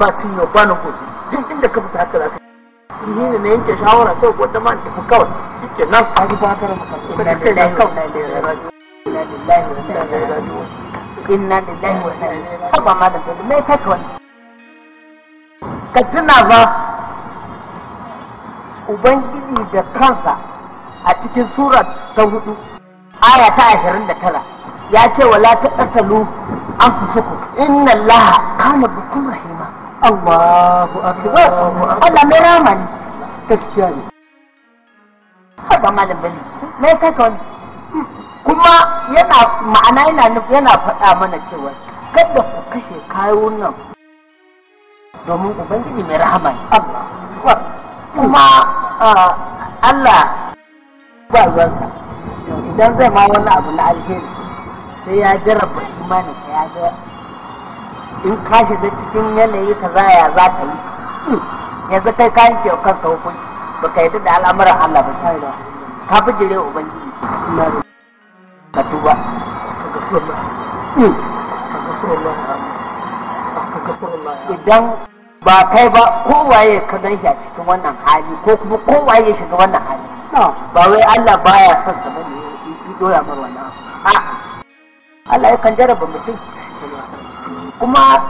ba cinye ba na gobe duk inda ka fita haka zaka ni ne na yanke shawara sai ko wata ma tafi kawai shike nan a ji ba ka rama ka kai da kawai inna lillahi wa inna ilaihi raji'un inna inna lillahi wa ilaihi raji'un ba ma da dole mai kai kawai ka tuna ba ubangiji da kansa a cikin sura ta hudu aya ta ashirin da tara ya ce wala ta ƙasalu an fi suku inna allaha kama bukun rahim Allahu akbar Allah mai rama ne gaskiya ne haba malam bali mai kaka wani kuma yana ma'ana yana nufi yana faɗa mana cewa kada ku kashe kayo nan domin ubangiji mai rahama ne kuma Allah ba ruwansa idan zai ma wani abu na alheri sai ya jarraba imanin ya ga in ka shiga cikin yanayi ka zaya za ka yi yanzu kai ka yanke kanka hukunci ba ka yadda da al'amuran Allah ba ka ubangiji jire ubangiji ka tuba idan ba kai ba kowaye ka gan shi a cikin wannan hali ko kuma kowaye ya shiga wannan hali ba wai Allah baya son sa bane ya doya mar wannan a Allah ya kan jarraba mutum kuma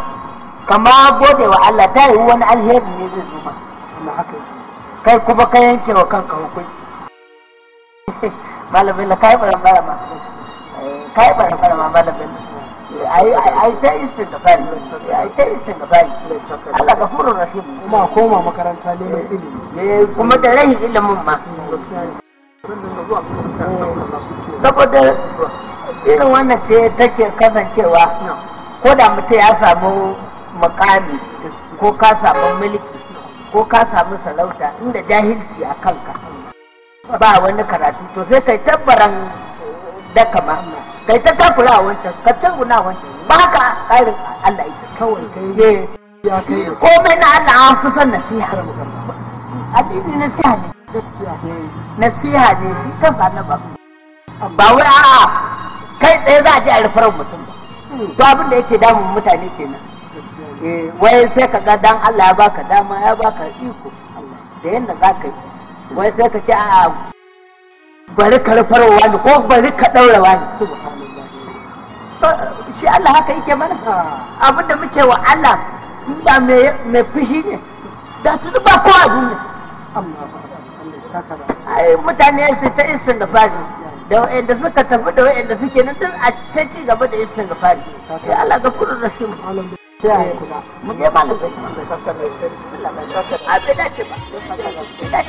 kama gode wa Allah ta yi wani alheri ne zai zuba kuma haka kai kuma ka yanke wa kanka hukunci malamin la kai bara bara ma eh, kai bara bara ma malamin eh, ai ai ta fari. ai ta fari. Allah gafurur rahim kuma koma makaranta ne mai ilimi eh, kuma da rai ilimin ma saboda irin wannan ce take kasancewa ko da mutum ya samu makami ko ka samu mulki ko ka samu salauta inda jahilci a kanka ba wani karatu to sai kai tabbaran daka ma kai ta takura a wancan ka a wancan ba ka ƙarin Allah ita kawai kai komai na Allah an fi son nasiha addini nasiha ne nasiha ne shi kansa na ba ba wai a'a kai tsaye za a ji a rufar mutum to abin da yake damun mutane kenan eh, wai sai ka ga dan Allah ya baka dama ya baka iko da yadda za ka yi wai sai ka ce a bari ka rufarwa ne ko bari ka ɗaurawa ne shi Allah haka yake mana abin da muke wa Allah ba mai fushi ne da su ba kowa duniya ai mutane su ta isin da fari da wa'anda suka tafi da wa'anda suke nan tun a cikin ci gaba da istin ga fari sai Allah ga mu malam sai kuma da sakka da Allah ba sakka a bai dace ba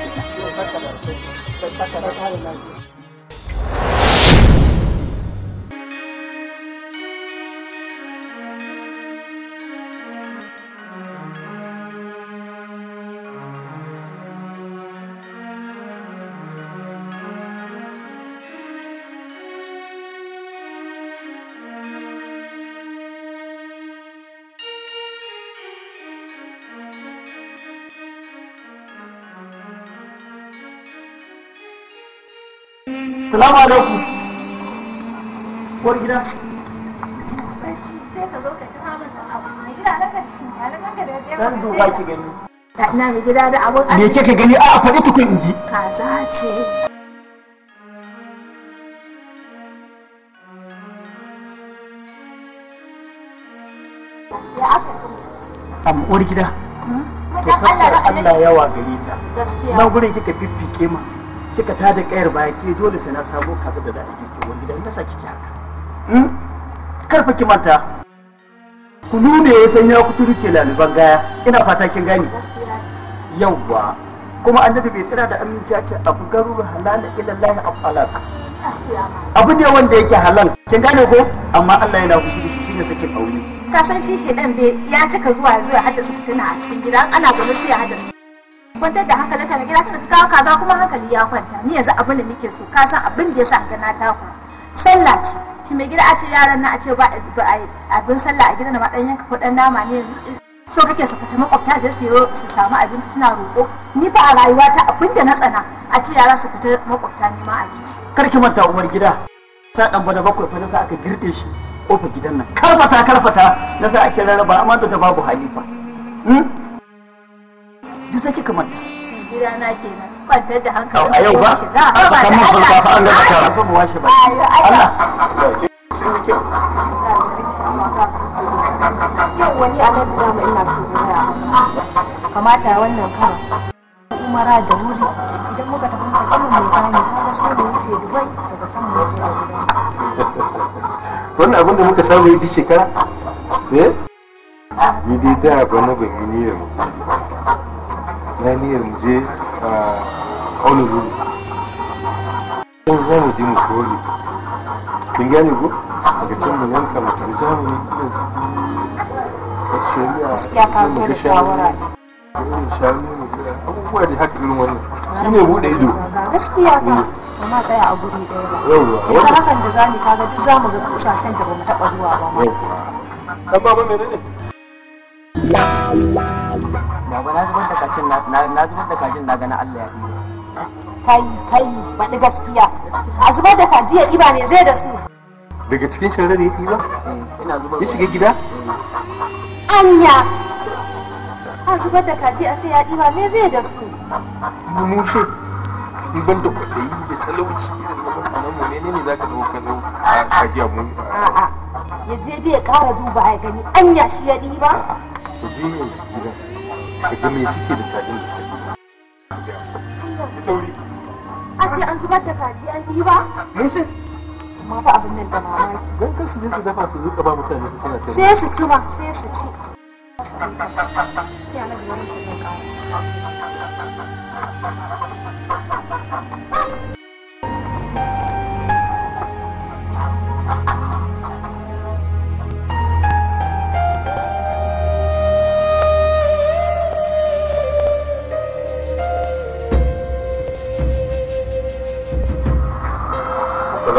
Assalamu alaikum. Uwar gida. Dan duba ki gani. Ina mai gida da abun Me kika gani a faɗi tukun inji? Kaza ce. Am uwar gida. Hmm? To Allah wa gari ta. Gaskiya. gurin kika fiffike ma. kika ta da kayar baya ke dole sai na sabo kaza da za a girke wani gidan nasa kike haka hmm? karfa ki manta ku nune ya sanya ku turu ke laliban gaya ina fata kin gani yawwa kuma annabi bai tsira da aminci ce abu garuru halala ila abu halak abu ne wanda yake halal kin gane ko amma Allah yana fushi da shi shine sake kauli ka san shi shedan dai ya cika zuwa zuwa haddasa fitina a cikin gida ana gaba sai ya haddasa kwantar da hankali ka gida tunda kawo kaza kuma hankali ya kwanta ni yanzu abin da nake so ka san abin da yasa ga na ku sallah ce shi mai gida a ce yaran na a ce ba abin sallah a gidan ma dan yanka ko dan nama ne yanzu eh, so kake su fita makwabta sai su su samu abinci suna roƙo ni fa a rayuwata abin da na tsana a ce yara su fita makwabta ma abinci Kar ki manta umar gida ta dan bada bakwai fa nasa aka girbe shi kofar gidan nan karfata karfata nasa ake rarraba amma da babu halifa hmm? duk kika manta gidana kenan kwanta da hankali a yau ba a ba mun sulfa fa an gaba washe ba Allah yau wani da mu ina so kamata wannan umara da wuri idan muka tafi mai da wuce Dubai daga can mu wannan abin da muka samu duk shekara eh ni dai da ba na bagini da musu na mu je a honolulu mun za mu je mu kori kin ko daga mu yanka mu tafi su australia ya da shawara irin shanu abubuwa da haka irin wannan shi ne ido gaskiya ka mm. amma tsaya a guri ɗaya ba yawwa hakan da kaga duk ga kushashen da bamu taɓa zuwa ba ma kan menene ya ba na zubar da kacin na zubar da kajin na gani Allah ya yi kai kai faɗi gaskiya a zubar da kaji ya ɗiba ne zai da su daga cikin ne ya ɗiba eh, ina ya shiga gida anya a zubar da kaji a ce ya ɗiba ne zai da su mu mushe ban da kwaɗayi da talauci irin na mutanen mu ne ne za ka zo ka zo a kaji mu a'a ya je je ya ƙara duba ya gani anya shi ya ɗiba ku je yanzu gida daga me suke da kajin da suka yi sauri an zubar da kaji an yi ba mun sai amma fa abin nan da mamaki dan kasu je su dafa su zuka ba mutane su suna sai sai su ci ba sai su ci ya na mun kawo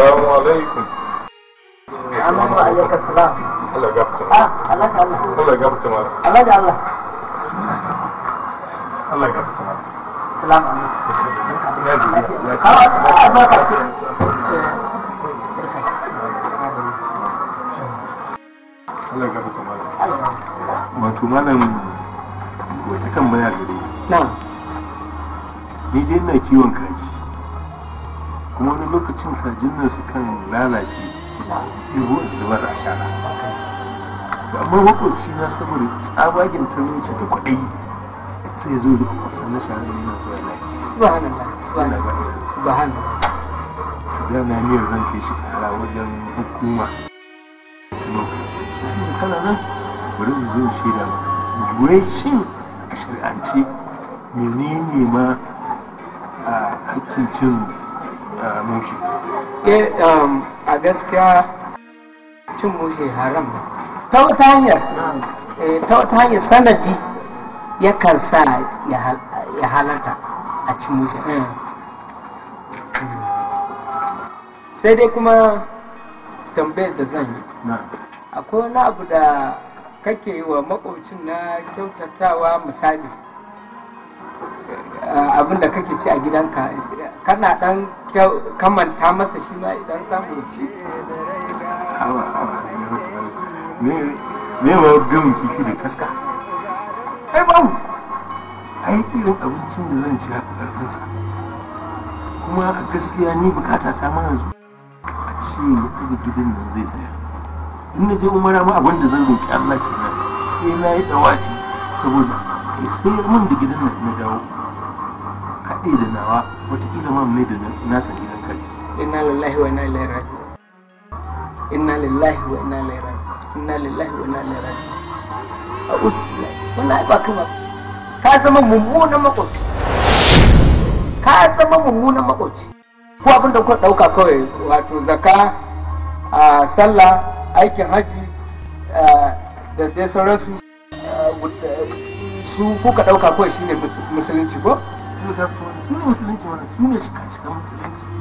السلام عليكم ah, wato malam wata tambaya gare ni dai ina kiwon kaji wani lokacin kajin su sukan lalace ihu a zubar a shara amma makwabci na saboda tsabagen talauci da kwaɗayi sai zo da kwasan na shara da yana zuwa lalace su ba hannun da na niyar zan kai shi kara wajen hukuma tun kana nan bari in zo shaida maka wai shin a shari'ance menene ma a hakkin cin mushi eh um, a gaskiya cin mushi haram ta wata hanyar eh, ta wata hanyar sanadi yakan sa ya halarta a cin mushi hmm. sai dai kuma tambayar da zan yi akwai wani abu da kake yi wa makwabcin na kyautatawa misali abin da kake ci a gidanka kana dan kamanta masa shi ma idan samu ci me wa gamin kifi da kaska ai babu ai irin abincin da zan ci haka karfinsa kuma a gaskiya ni bukata ta ma yanzu a ci ne a gidan nan zai tsaya in na je umara ma abin da zan roƙi Allah ke nan sai na yi dawaki saboda sai mun da gidan nan na dawo haɗe da nawa wataƙila ma mai da nasa gidan inna lillahi wa inna ilaihi raji'un inna lillahi wa inna ilaihi raji'un inna lillahi wa inna ilaihi raji'un a ba ka zama mummunan makwabci ka zama mummunan makwabci ko abin da kuka ɗauka kawai wato zaka a sallah aikin hajji da dai sauransu su kuka ɗauka kawai shine musulunci ko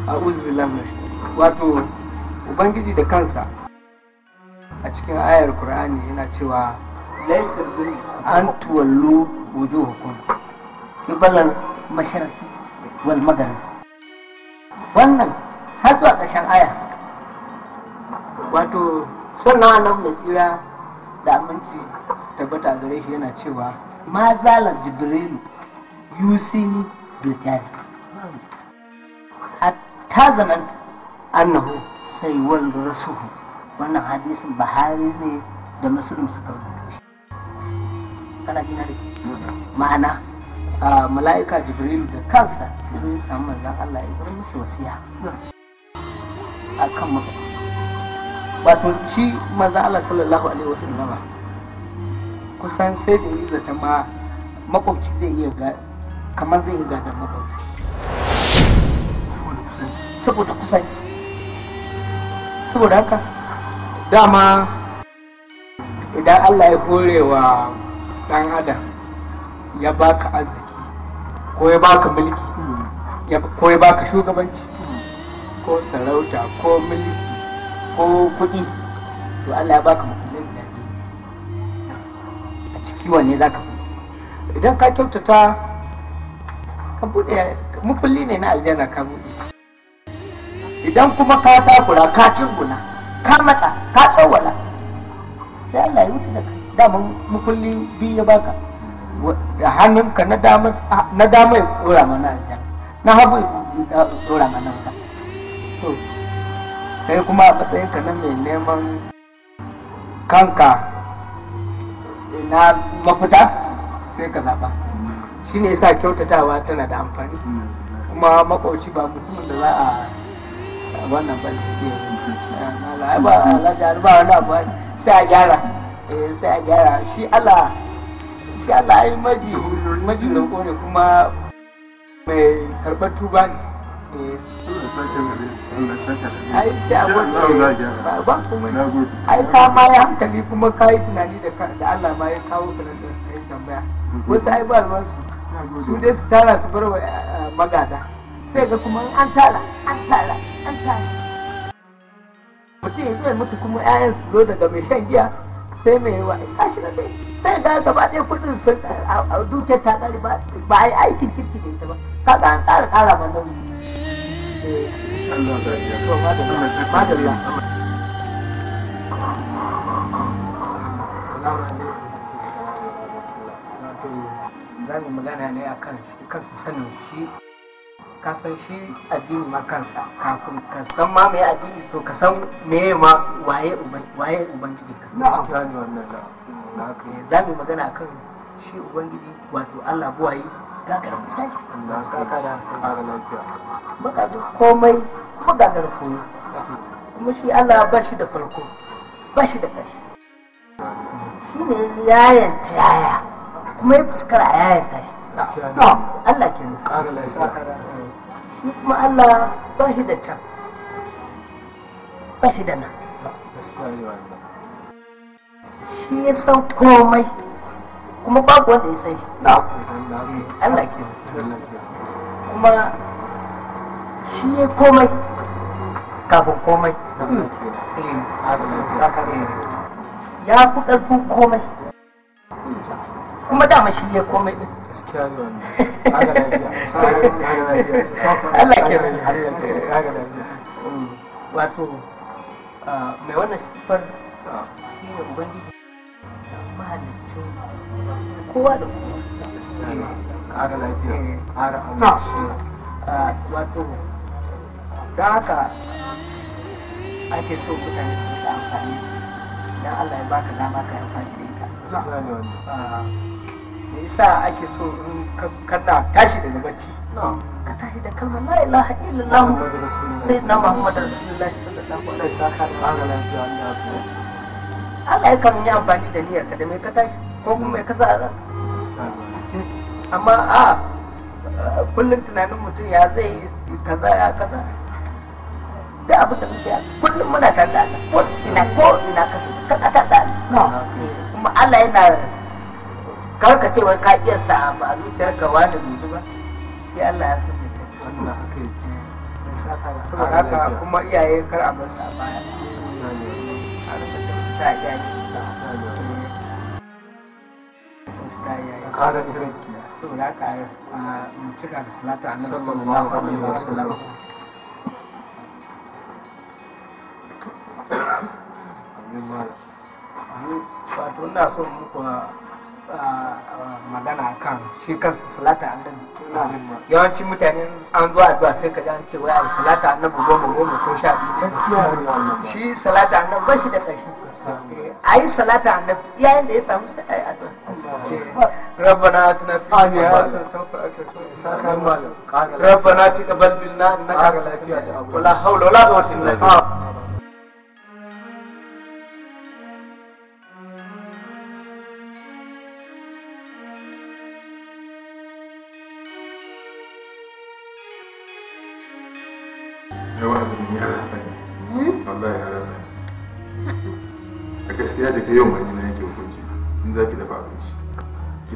a wato ubangiji da kansa a cikin ayar qur'ani yana cewa laysal birri an tuwallo tuwallu wujuhakum kibalan masharqi wal maghrib wannan har zuwa ƙarshen aya wato sannan annabi mai tsira da aminci su tabbata gare shi yana cewa ma zalar jibrilu you see me bidan hatta zanen annahu sai wal rasuhu wannan hadisin bahari ne da musulun suka rubuta shi kana gina da ma'ana mala'ika jibril da kansa ya zo ya samu manzon Allah ya bar musu wasiya akan maka wato shi manzan Allah sallallahu alaihi wasallama kusan sai da yi zata ma makwabci zai iya kamar zai yi gadon mabauta saboda kusanci saboda haka dama idan Allah ya hore wa dan adam ya baka arziki ko ya baka mulki ko ya baka shugabanci ko sarauta ko mulki ko kuɗi to Allah ya baka mutunan da a ciki wanne za ka idan ka kyautata ka ne na aljanna ka bude idan kuma ka takura ka cinguna ka matsa ka tsawala sai Allah ya mutu da ka dama mukulli biyu ya baka da hannunka na dama na dama ya tsora mana aljanna na hagu ya tsora mana wuta to sai kuma a matsayin ka na mai neman kanka na mafita sai ka zaɓa shi ne sa kyautatawa tana da amfani kuma makwauci ba mutumin da za a wannan ba ne ba wani abu sai a gyara eh, sai a gyara shi Allah shi Allah yi maji maji da kone kuma mai karɓar tuba ne eh. ai kuma ka ma hankali kuma ka yi tunani da Allah ma ya kawo ka tambaya mhm. wasu ai ba ruwan su su dai tara su bar eh, magada sai ga kuma an tara an tara an tara mutum ya zai mutu kuma su daga mai shan giya sai mai sai ga gaba ɗaya kuɗin sun eh, a ta ba a yi aikin kirki da ita ba kaga an ba nan za mu magana ne a kan shi sanin shi ka san shi addini ma kansa kafin ka san ma mai addini to ka san meye ma waye waye ubangiji ka na amfani wannan da za mu magana kan shi ubangiji wato Allah buwayi gagar misali Allah saka da ƙara lafiya baka komai kuma gagar koyo kuma shi Allah ba shi da farko ba shi da ƙarshe shi ne yayan ta yaya kuma ya fuskar a yaya tashi Allah ke shi kuma Allah ba shi da can ba shi da nan shi ya san komai kuma babu wanda ya san shi Allah ke kuma shi ya komai kafin komai ya fi ƙarfin komai hmm. kuma dama shi ya komai din Allah ke mm. wato ah, mai wannan siffar ah, shi ne ubangiji mahallicin kowa da kuma. Eh, eh. ah, wato da haka ake so mutane su ta amfani da Allah ya baka dama ka amfani da ita da sa ake so in kana tashi daga bacci ka tashi da kalmar la ilaha illallah sai na muhammad rasulullahi sallallahu alaihi Allah ya kan yi amfani da niyyar ka da mai ka tashi ko kuma mai ka sa ran amma a kullum tunanin mutum ya zai yi kaza ya kaza da abu da muke kullum muna tare da ko ina ko ina kasu kada ta da kuma Allah yana kar ka ce wai ka iya sa ba a zuciyar ka da bai ba sai Allah ya san mai saboda haka kuma iyaye kar a basu a baya a rubuta ta iyaye ƙara saboda mu cika da salata a sallallahu alaihi Eh, magana kan shi kansa salata annabi yawancin mutane an zuwa addu'a sai ka ji an ce wai ai salata annabi goma goma ko sha biyu shi salata annabi ba shi da eh, a ayi salata annabi yayin da ya samu sai ayi addu'a ya اتنا في حسنة وفي ربنا تقبل منا انك انت السميع ولا حول wala قوة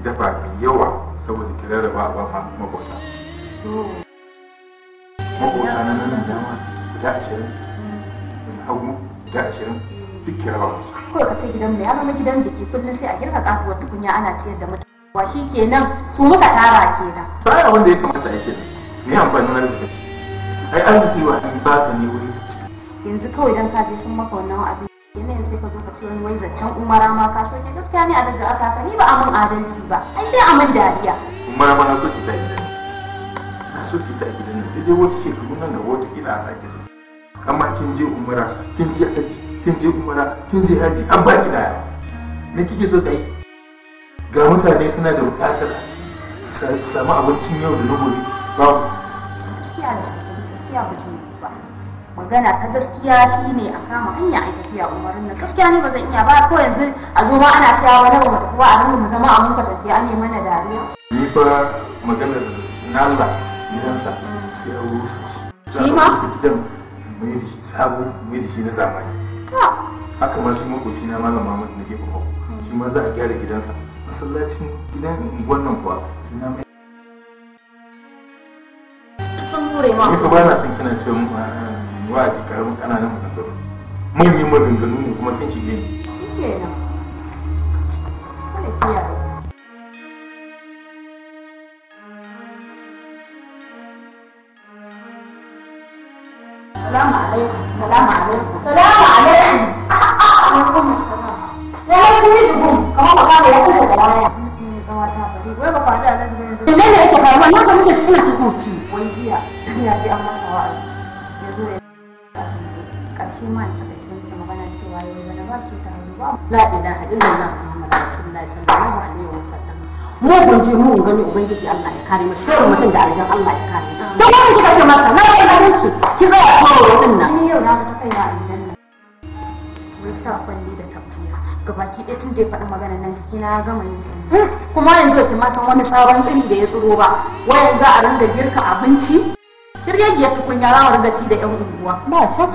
dafa mai yawa saboda ki rarraba ba bafa makwata makwata na nan dama guda ashirin in hagu guda ashirin duk kira ba musu kawai ka ce gidan mu ya zama gidan ke kullum sai a girka kafuwar tukunya ana ciyar da mutum. wa shi nan su muka tara kenan to ai abin da ya kamata ake me amfanin arziki ai arziki wa ba ka ne wuri yanzu kawai dan ka je sun maka wannan abin Yanayin sai ka zo ka ce wani wai zancen umara ma ka soke gaskiya ne a daga aka ka ni ba amin adalci ba ai sai a amin dariya umara ma na soke ta gidan na soke ta gidan sai dai wata shekaru nan gaba wata kila a sake zo amma kin je umara kin je haji kin je umara kin je haji an ba ki daya me kike so kai ga mutane suna da bukatar su samu abincin yau da na gobe babu gaskiya da gaskiya ba magana ta gaskiya shine a kama hanya a tafiya umarin nan gaskiya ne ba zan iya ba ko yanzu a zo ba ana cewa wani ba mu kuwa a mu zama a mun kwatance an yi mana dariya ni fa magana na Allah gidansa sai a rusa shi shi ma gidan mai da shi sabo mai da shi na zamani haka ma shi makoci na malam Muhammad na gefe hagu hmm. shi ma za a gyara gidansa masallacin gidan wannan kuwa sai na mai sun bure ma ni fa ba na son kina ce mu ah, ba su karamin maganganu manyan maganganu ne kuma sun shige ni Salamu alaikum, salamu alaikum, salamu alaikum. A'a, an kuma shi Ya yi kuma shi gum, kama ya kuma da baya. Mutum ya kawata bari, wai ba kwada da zai zai. Menene yake faruwa? Na muke cikin tukuci. Wai jiya, jiya ce an masa wa'azi. ƙarshe ma ta da cin magana cewa yau bana ba ke ta hannu ba la ilaha illallah muhammad rasulullahi sallallahu alaihi wa sallam mu gunje mu gani ubangiji Allah ya kare mu shirin mutum da aljan Allah ya kare to ne kika ce masa na yi ganin miki ki zo a kawo wurin nan ni yau na ga kai ya nan. mun sa kwalli da tabbata gabaki ɗaya tun da ya faɗi magana nan ciki na gama yin shi hmm, kuma yanzu ki ma san wani sabon tsiri da ya tsiro ba wayan za a rinda girka abinci shirye ya tukunya za mu ringa ci da yan unguwa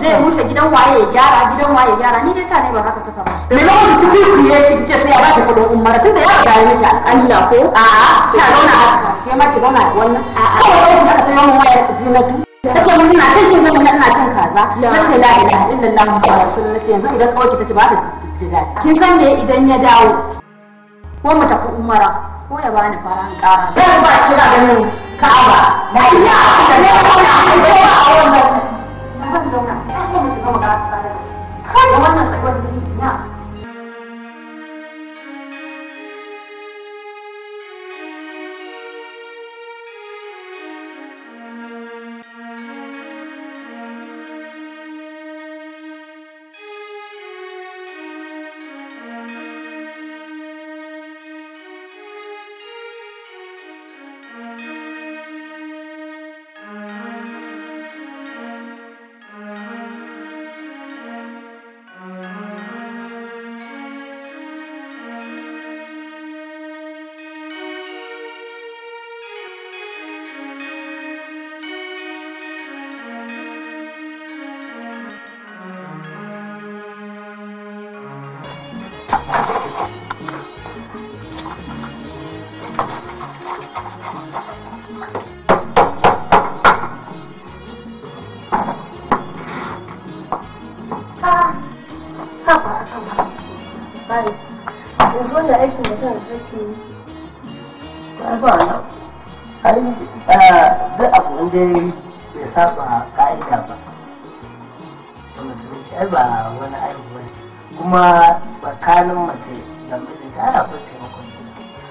zai rushe gidan waye ya gyara gidan waye ya gyara ni dai ta ne ba haka suka ba me na wani cikin creative ce sai ya ba ta kudin umar tun da ya ga ni ta alƙalla ko a ta zauna a ke ma ki zauna wannan a kawai wani da ta tayi waye ya ji na biyu ta ce mun ina kan kin zama ina cin kaza na ce la ilaha illallah muhammadu rasulullah nake yanzu idan kawai ki tace ba ta jira kin san me idan ya dawo ko mu tafi umara ko ya bani faran ƙara sai ba kira ganin ka'aba na ina da ne zauna a kai ba a wannan na zan zauna shiga wannan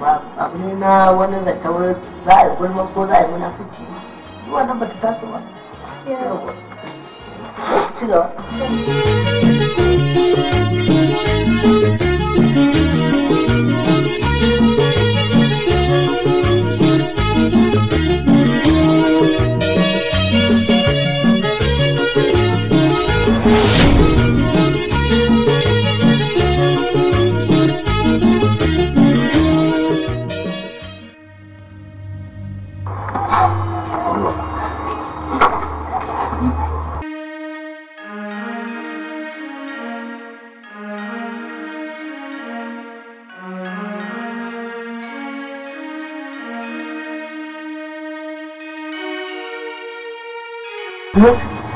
ba abu ne na wani zaton za a yi gulma ko za a yi munafiki wannan ba ta ci gaba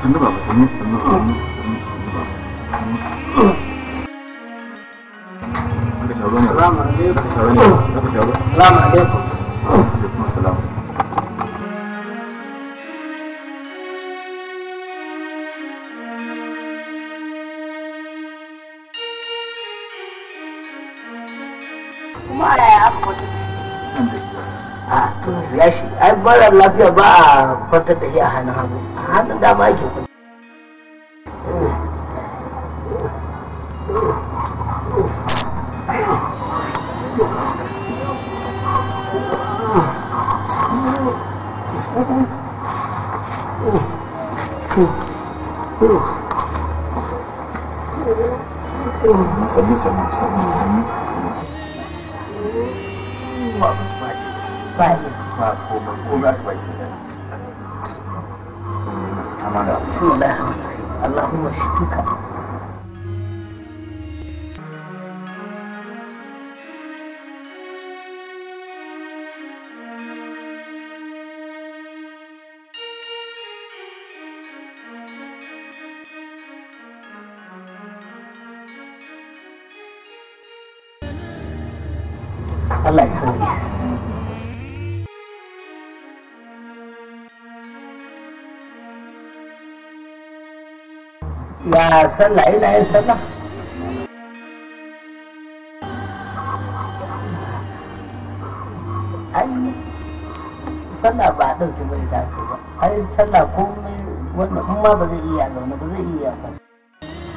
sannu baba sannu sannu sannu sannu sannu baba sannu. Salamu alaikum. Salamu alaikum. marar lafiya ba a farkar da a hannun dama kuma ma koma komai aka bashi da Allah Allahumma shukruka ya sallah ina yin sallah an sallah ba a ɗauki mai da aka ba ai sallah komai wannan in ba zai iya zaune ba zai iya ba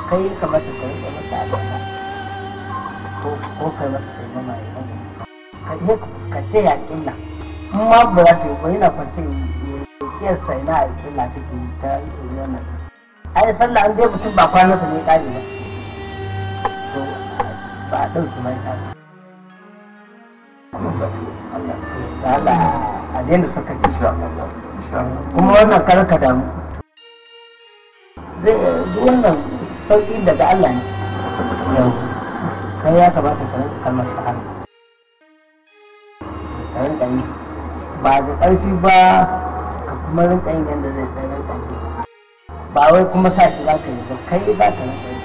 kai kamata ka yi masa a zauna ko kai masa sai mama ya ka iya yaƙin nan in ma ba za ta yi ba yana kwance ya sai na yaƙin na take ta yi ai sallah an dai mutum ba kwana sa ne kare ba to ba a ɗauki mai kare Allah a daina saka ci kuma wannan karka mu zai wannan sauki daga Allah ne yanzu kai ya kamata ka rinka kalmar shahara ka rinka yi ba da ƙarfi ba ka kuma rinka yin yadda zai tsaye rinka yi ba wai kuma sa shi za ka yi ba kai ba ka yi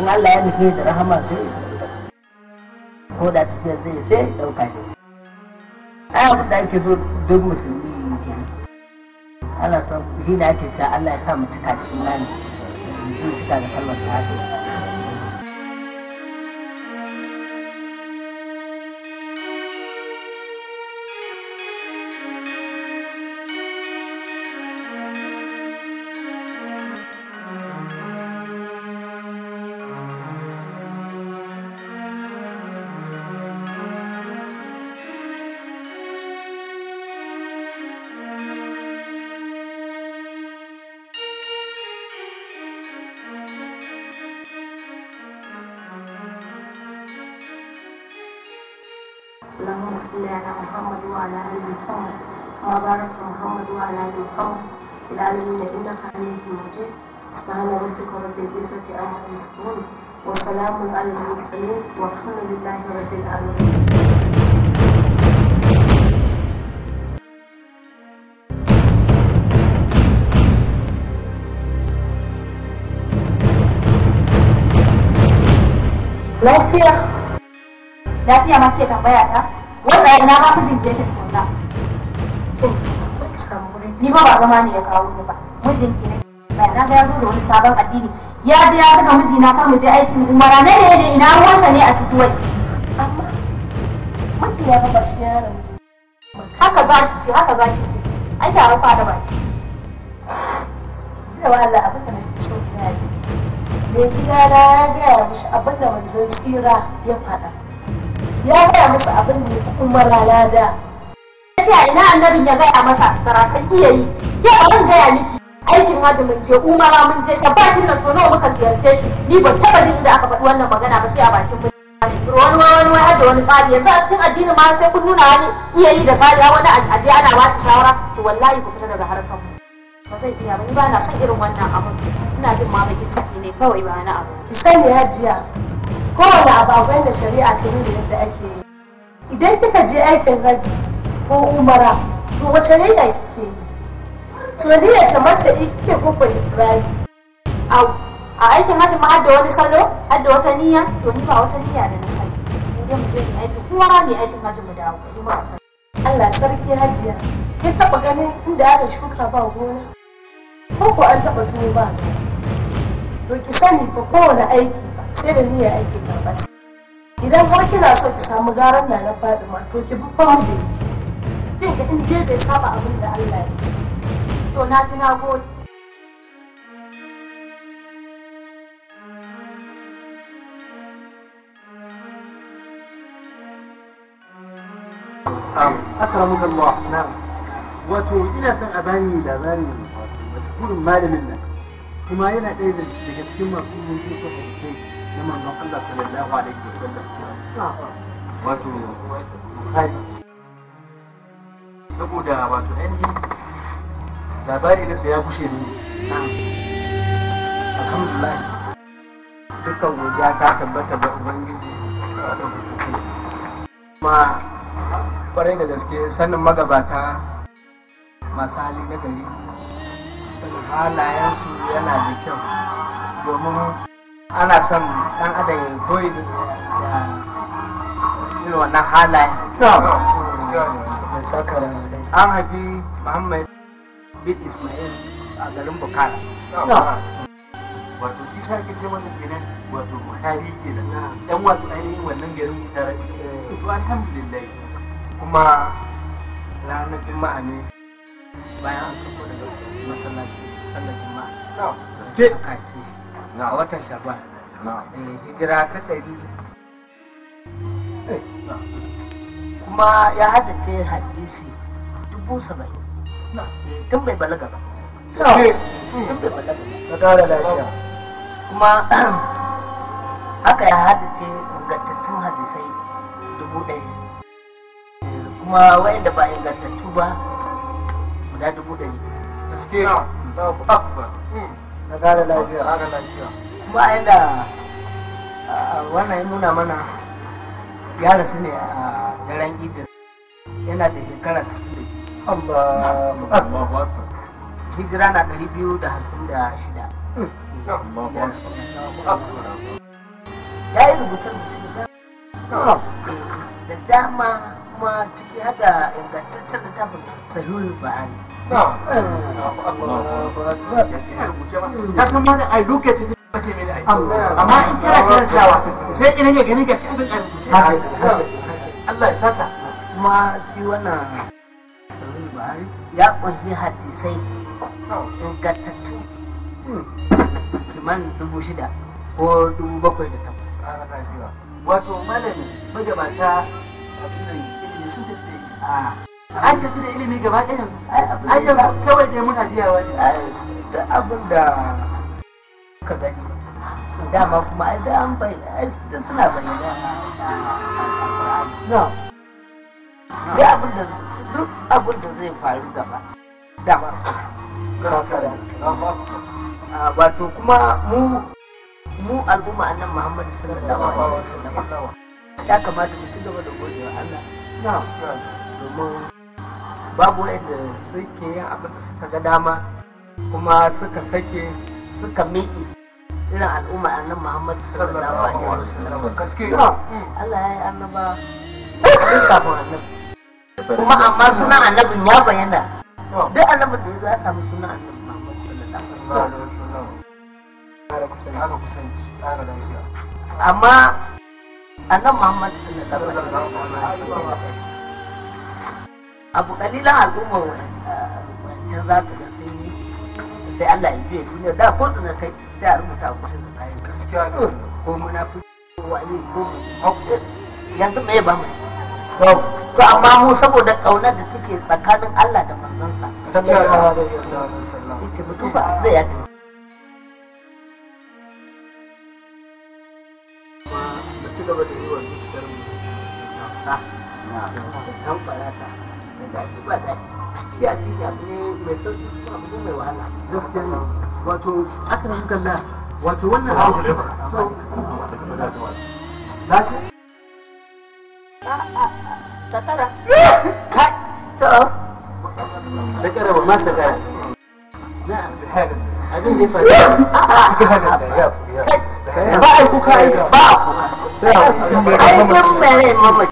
in Allah ya nufi da rahama sai ko da cikin zai sai ɗauka ne ai abin da ake so duk musulmi yi ke Allah sa shi da ake cewa Allah ya sa mu cika da imani mu cika da kalmar shahada صل على محمد وعلى آل محمد كما باركت محمد وعلى آل محمد في العالمين إنك حميد مجيد سبحان ربك رب العزة عما يصفون وسلام على المرسلين والحمد لله رب العالمين lafiya lafiya ma ke tambaya ta wanda ya na ma mijin ke ta kunna ni ba ba zama ne ya kawo ni ba mijin ki ne ba na ga ya zo da wani sabon addini ya je ya saka miji na kar mu je aikin umara ne ne ne ina ruwansa ne a cikin wani amma miji ya ba shi yaron haka za ki ce haka za ki ce ai ta rufa da baki da wala abin da nake so ya yi mai gida na ya gaya mishi abin da wanzan tsira ya faɗa ya gaya musu abin da ya kuma lalada ya ce ina annabin ya gaya masa sarakan iya yi ke abin gaya miki aikin hajji mun je umara mun je shabbatin da sono muka ziyarce shi ni ban taba jin da aka faɗi wannan magana ba sai a bakin mu wani wani wani hajji wani tsari yanzu a cikin addini ma sai kun nuna wani iya yi da tsari wani aje ana ba shi shawara to wallahi ku fita daga harkar mu ba zai iya ba ni ba na son irin wannan abin ina jin ma bakin ciki ne kawai ba na abu ki sani hajiya kowane ababen da shari'a ta yi da yadda ake yi idan kika je aikin haji ko umara to wace niyya kike yi to niyya ta mace kike kuka ibrahim a aikin haji ma da wani salo da wata niyya to ni ba wata niyya da na sani idan mu je mu aiki kuma mai aikin haji mu dawo mu ma Allah sarki hajiya ya taba ganin inda aka shuka ba gona ko ko an taba tuwo ba to ki sani ko kowane aiki sai da niyya ake karɓar idan har kina so ki samu garan na na fadima to ki bi fa muje ki ga in je bai saba abin da Allah ya ce to na ji na gode akramuk Allah na'am wato ina son a bani labarin wato mashhurin malamin nan kuma yana ɗaya daga cikin masu mutunta hukunci na manzon Allah sallallahu alaihi wasallam ah. wato bukhari saboda wato ainihin labari na ya kushe ne alhamdulillah dukkan godiya ta tabbata ga ubangiji kuma kwarai da gaske sanin magabata masu hali na gari halayensu yana da kyau domin ana son dan adam ya koyi da irin wannan halaye an haifi muhammad bin ismail a garin bukara wato shi sa ake ce masa kenan wato bukari kenan dan wato ainihin wannan garin bukara to alhamdulillah kuma ranar juma'a ne bayan an sako daga masallaci sallar juma'a gaske Na watan shaban eh, hijira ta ɗari eh, kuma ya hada ce hadisi dubu saba'in eh, tun bai balaga ba hmm. tun bai balaga ba kuma haka ya hada ce ingantattun hadisai dubu ɗari kuma wayanda ba ingantattu ba guda dubu ɗari gaske Allahu akbar hmm. na kare lafiya kare lafiya kuma yadda wannan ya nuna mana ya rasu ne a daren idin yana da shekara 60 Allah hijira na ɗari biyu da da shida. ya yi rubuce-rubuce da dama kuma ciki hada ingantaccen littafin sahihul buhari ya eh, san da ai lokacin da mace mai da ai amma in kana karantawa sai ina gani abin Allah ya saka kuma shi wannan ya kunshi hadisai ingantattu kiman dubu shida ko dubu bakwai da takwas wato malami magabata abin nan an tafi da ilimi gaba ɗaya yanzu ai yanzu kawai dai muna biya wani da abin da ka gani dama kuma ai da an bai da suna bayyana no da abin da duk abin da zai faru gaba dama wato kuma mu mu al'umma annan muhammadu sallallahu alaihi wasallam ya kamata mu ci gaba da godewa Allah na domin babu wanda suke yin abin da suka ga dama kuma suka sake suka miƙi irin al'umma annan muhammadu sallallahu alaihi wasallam Allah ya yi annaba kafin annabi kuma amma sunan annabin ya bayyana duk annabin da ya zo annabi amma annan muhammadu sallallahu alaihi wasallam abu kalilan al'umma wancan za ka ga sun yi sai Allah ya biya duniya da ko da kai sai a rubuta a kusa da kayan gaskiya ko muna ko wani ko yanzu me ba mu to amma mu saboda kaunar da take tsakanin Allah da manzansa sallallahu alaihi wasallam ita ba zai yi ci gaba da yi wa zuciyar mu da tamfara ta ba abu ne mai sauki kuma abu mai wahala gaskiya ba sakara sakara ba ma sakara ba kuka ba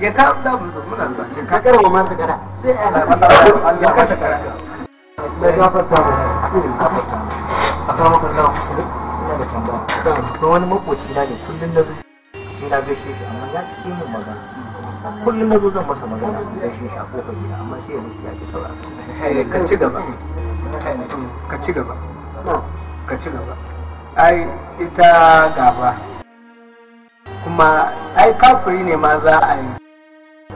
je ka da mu muna a wani makoci na ne kullum na zo sai na gaishe shi amma ya ki mun magana kullum na zo zan masa magana da shi a kofar gida amma sai ya mutu ya ka ci gaba ka ci gaba ka ci gaba ai ita gaba kuma ai kafiri ne ma za a yi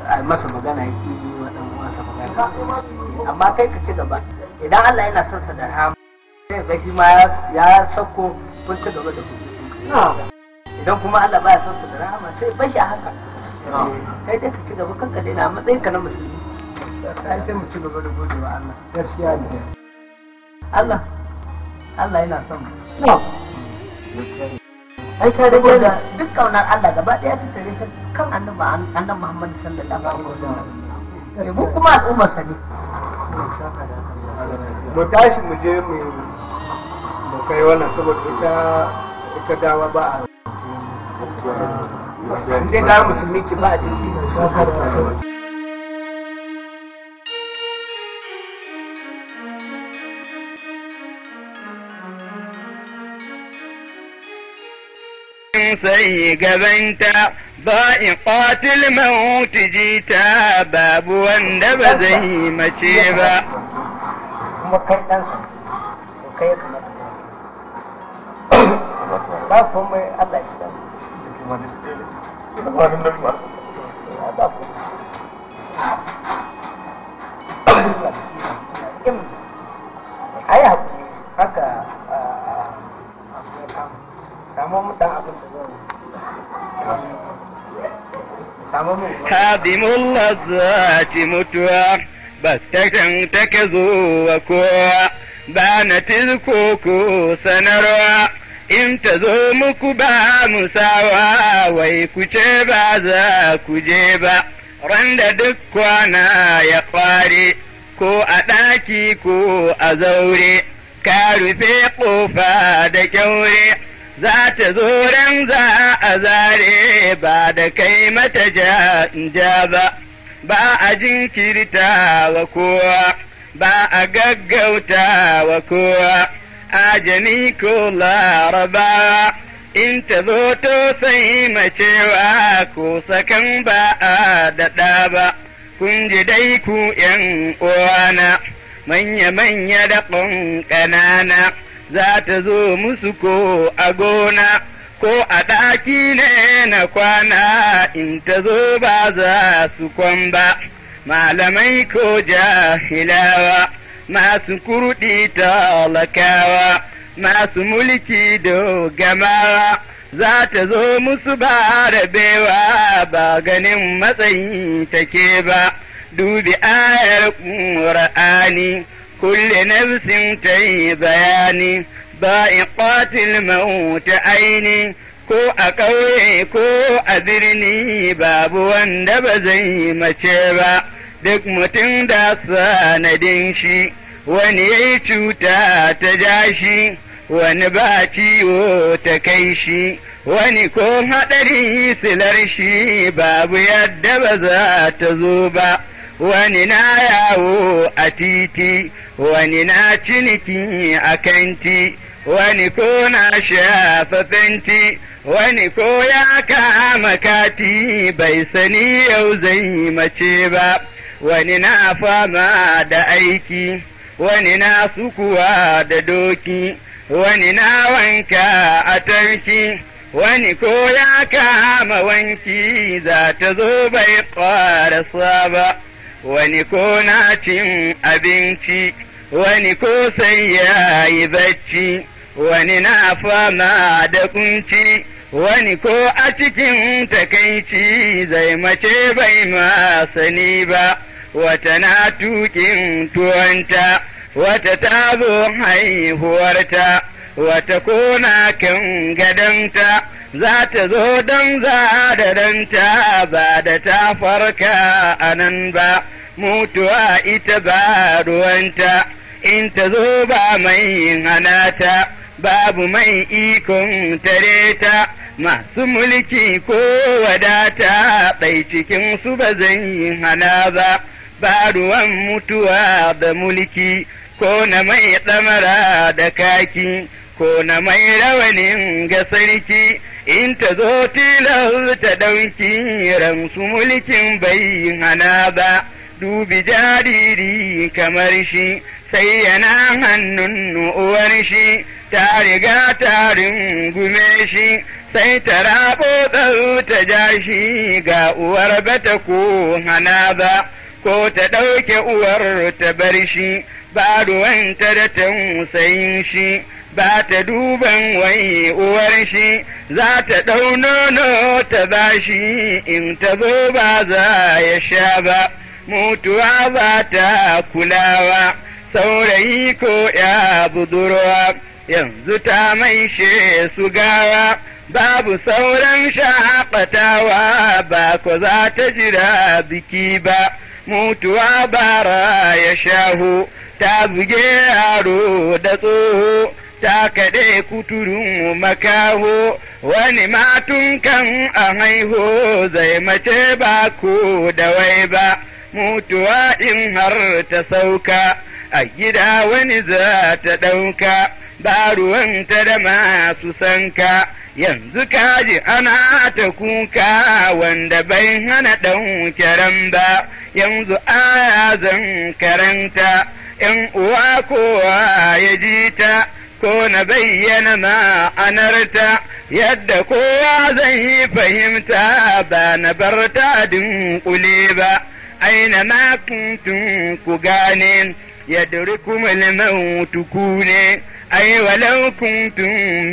a masa magana ya ke yi wa ɗan uwansa magana amma kai ka ci gaba idan Allah yana son sa da rahama sai ga shi ma ya sako kun ci gaba da kuɗi idan kuma Allah baya son sa da rahama sai bashi a haka kai dai ka ci gaba kanka dai na matsayin ka na musulmi sai sai mu ci gaba da gode wa Allah gaskiya ne Allah Allah yana son mu ai ka da duk kaunar Allah gaba daya ta tare ta kan annabi annabi Muhammad sallallahu alaihi wasallam eh, mu kuma al'ummar sa mu tashi mu je mu mu kai wannan saboda ita ita dawa ba a in dai da musulmi ki ba a sai gabanta ba'iqatil maut jita babu wanda ba zai mace ba kuma ba ba a samu abin da هادم اللذات متوى بستكن تكزو وكوى بانت ko sanarwa in ta zo muku ba sawa wai ku ce ba za ku je ba ran da duk kwana ya kware ko a ɗaki ko a zaure ka rufe ƙofa da kyaure za ta zo ran za a zare ba da kai mata ja ba, ba a jinkirta wa kowa, ba a gaggauta wa kowa, ajani ko laraba in ta zo to sai macewa ko sakan ba a daɗa ba, kun ji dai ku ’yan uwana, manya-manya da ƙanana. za ta zo musu ko a gona ko a ɗaki ne na kwana in ta zo ba za su kwan ba malamai ko jahilawa masu kurɗi talakawa masu mulki dogamawa za ta zo musu ba da rabewa ba ganin matsayi take ba dubi ayar ƙura'ani Kulle كل نفس تي بياني بائقات ta aini ko a ƙauye ko a birni babu wanda ba yi mace ba duk mutum da sanadin shi wani ya yi cuta ta ja shi wani ba ciwo ta kai shi wani ko haɗari silar shi babu yadda ba za ta zo ba. wani na yawo a titi wani na ciniki a kanti wani ko na shafa fenti wani ko ya kama kati bai sani yau zai mace ba wani na fama da aiki wani na sukuwa da doki wani na wanka a tarki wani ko ya kama wanki za ta zo bai ƙwarasa ba wani ko na cin abinci wani ko sai ya yi bacci wani na fama da kunci wani ko a cikin takaici zai mace bai ma sani ba wata na tukin tuwanta wata ta zo haihuwarta wata ko na kan gadanta za ta zo don za da danta ba da ta farka a nan ba mutuwa ita ba ruwanta in ta zo ba mai hanata babu mai ikon tare ta masu mulki ko wadata ɗai cikin su ba yi hana ba ba ruwan mutuwa da mulki ko na mai ɗamara da kaki ko na mai rawanin ga sarki in ta zo tilar ta ɗauki ransu mulkin bai hana ba dubi jariri kamar shi sai yana hannun uwar shi ta riga ta rungume shi sai ta rabo ɗau ta ja shi ga uwar bata ko hana ba ko ta ɗauke uwar ta bar shi ba ruwanta da tausayin shi ba ta duban wai uwar shi za ta ɗau nono ta ba shi in ta zo ba za ya sha ba. mutuwa ba ta kulawa saurayi ko ya budurwa yanzu ta maishe su gawa babu sauran shaƙatawa ba ko za ta jira biki ba mutuwa bara ya shahu, ta buge yaro da tsoho ta kaɗe kuturun makaho wani matun kan a haiho zai mace ba ko da wai ba mutuwa in har ta sauka a gida wani za ta ɗauka ba ruwanta da masu sanka yanzu kaji ana ta kuka wanda bai hana ɗauke ran ba yanzu aya zan karanta ‘yan uwa kowa ya ji ta ko na bayyana ma'anarta yadda kowa zan yi fahimta ba na bar ta dinkule ba. أينما كنتم كغان يدركم الموت كوني أي ولو كنتم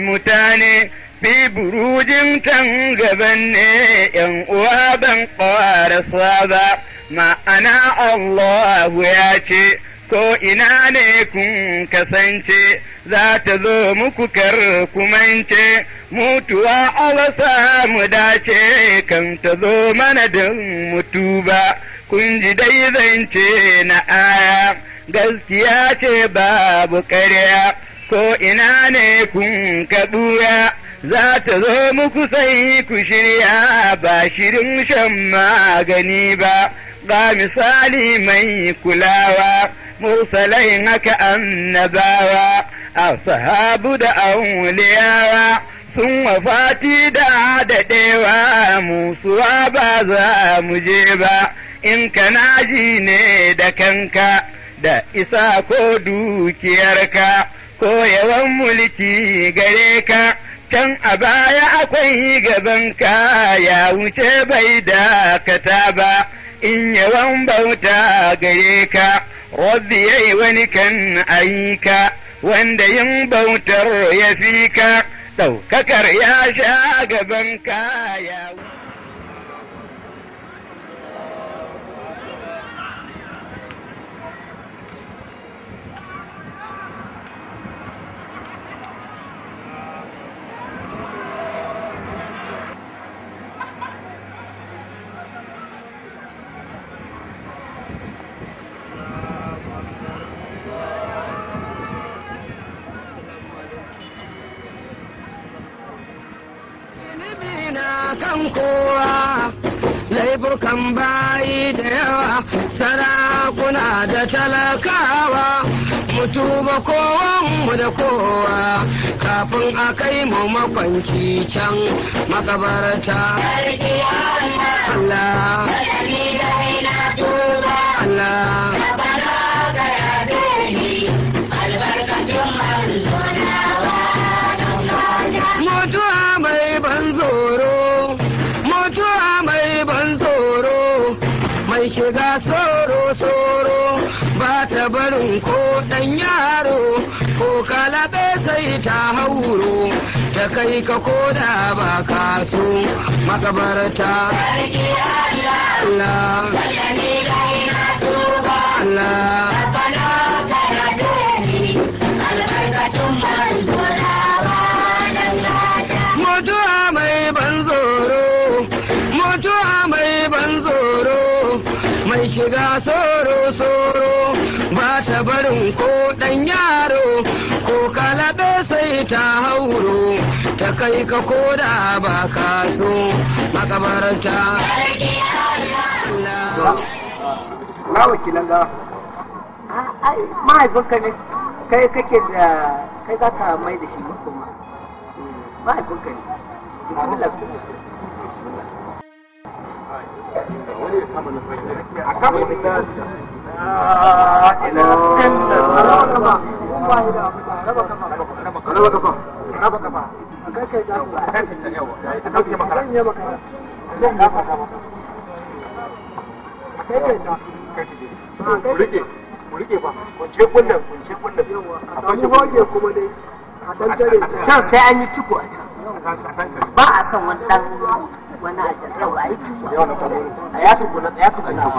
متاني في بروج تنقبني إن أوابا قار صابا ما أنا الله ياتي كو ina ne kun kasance za ta zo muku kar kumance mutuwa a wasa mu kun ji dai ce na aya gaskiya ce babu ƙarya ko ina ne kun ka ɓuya za ta zo muku sai ku shirya ba shirin shan magani ba ba misali mai kulawa mursalai haka annabawa a sahabu da auliyawa sun wafati da daɗewa musuwa ba za mu je ba in kana ji ne da kanka da isa ko dukiyarka ko yawan mulki gare ka can a baya akwai gabanka ya wuce bai dakata ba in yawan bauta gare ka ya yi wani kan aika wanda yin bautar ya fi ka ɗaukakar ya sha gabanka ya wuce kan kowa laifukan bayi da yawa sarakuna da talakawa mutuba kowanmu da kowa kafin a kai mu makwanci can makabarta Allah Allah shiga soro-soro ba ta barin ko ɗan yaro ko kalabe sai ta hauro ta kai ka koda ba ka so makabarta Allah Allah soro-soro ba ta barin ko ɗan yaro ko kalaɓe sai ta hauro ta kai ka koda ba ka so makamarta. Na wakilan Ai, mahaifinka ne kai kake da kai za mai da a kai kai kai kai kai kai kai kai kai kai a kuma dai a sai an yi ciko a can ba a san wani dan wani a yau a yi cikin a ya tukuna ya tukuna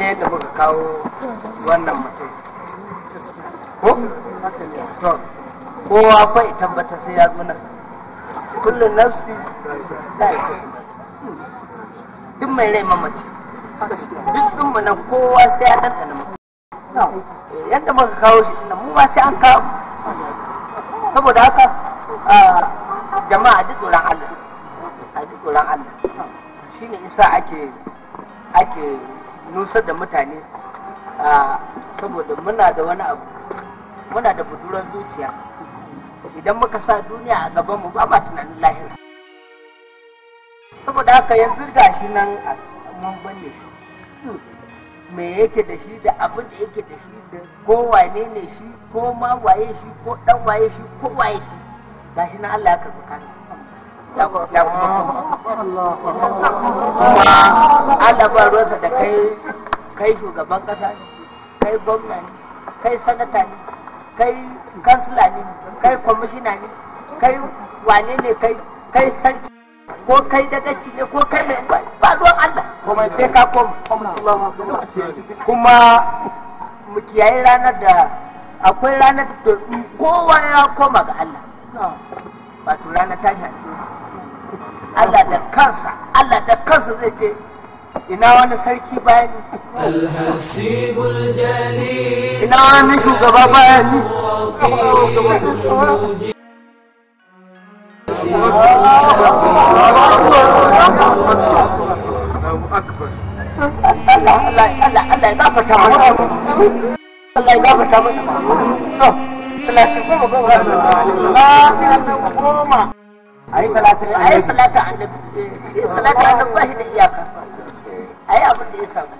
dai yadda muka kawo wannan mutum ko kowa fa tabbata sai ya zuna kullum nafsi da la duk mai rai mamaci duk din mu nan kowa sai ya tantana mutum yadda muka kawo shi na mu ma sai an kawo saboda haka jama'a ji tsoron Allah a ji tsoron Allah shine isa ake ake nusar da mutane saboda muna da wani abu muna da buduran zuciya idan muka sa duniya a gabanmu ba ma tunanin lahira saboda haka yanzu ga shi nan mun banne shi me yake da shi da abin da yake da shi da ko wane ne shi ko ma waye shi ko dan waye shi ko waye shi Ga shi nan Allah ya karɓi kansa ya kuma kuma Allah ba ruwansa da kai kai shugaban kasa ne kai gwamna ne kai sanata ne kai kansila ne kai kwamishina ne kai wane ne kai kai sarki ko kai dagaci ne ko kai mai ba ruwan Allah kuma sai ka koma kuma mu kiyaye ranar da akwai ranar da kowa ya koma ga Allah wato ranar tashi a Allah da kansa Allah da kansa zai ce ina wani sarki bayani ina wani shugaba bayani Allah ya mana. Allah ya mana. a yi salatu annabi a yi salatu annabi salatu annabi ba shi da iyaka a abin da ya samu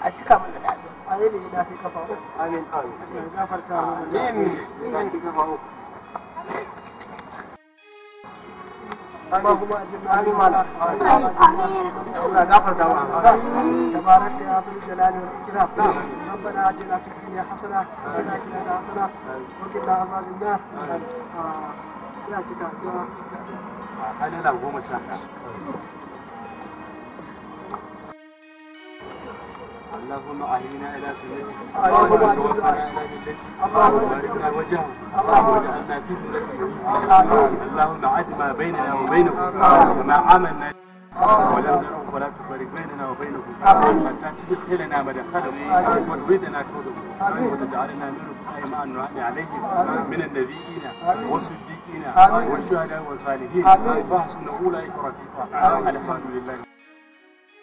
a cika mun da dadi amin da ya dafi kafa amin amin ya gafarta اللهم اجرنا عن تبارك يا ذو الجلال والاكرام نعم. ربنا اتنا في الدنيا حسنه وفي الاخره حسنه وقنا عذاب النار لا تكافئ علينا وهم شاكر اللهم أهدنا إلى سنتك اللهم توفنا إلى جنتك اللهم أرنا وجهك اللهم اجعلنا في سنتك اللهم عد ما بيننا وبينهم وما عملنا ولا نعرف ولا تفرق بيننا وبينكم حتى تدخلنا مدخلهم وتريدنا كذبهم وتجعلنا من مع النعم عليهم من النبيين والصديقين والشهداء والصالحين فحسن أولئك رفيقا الحمد لله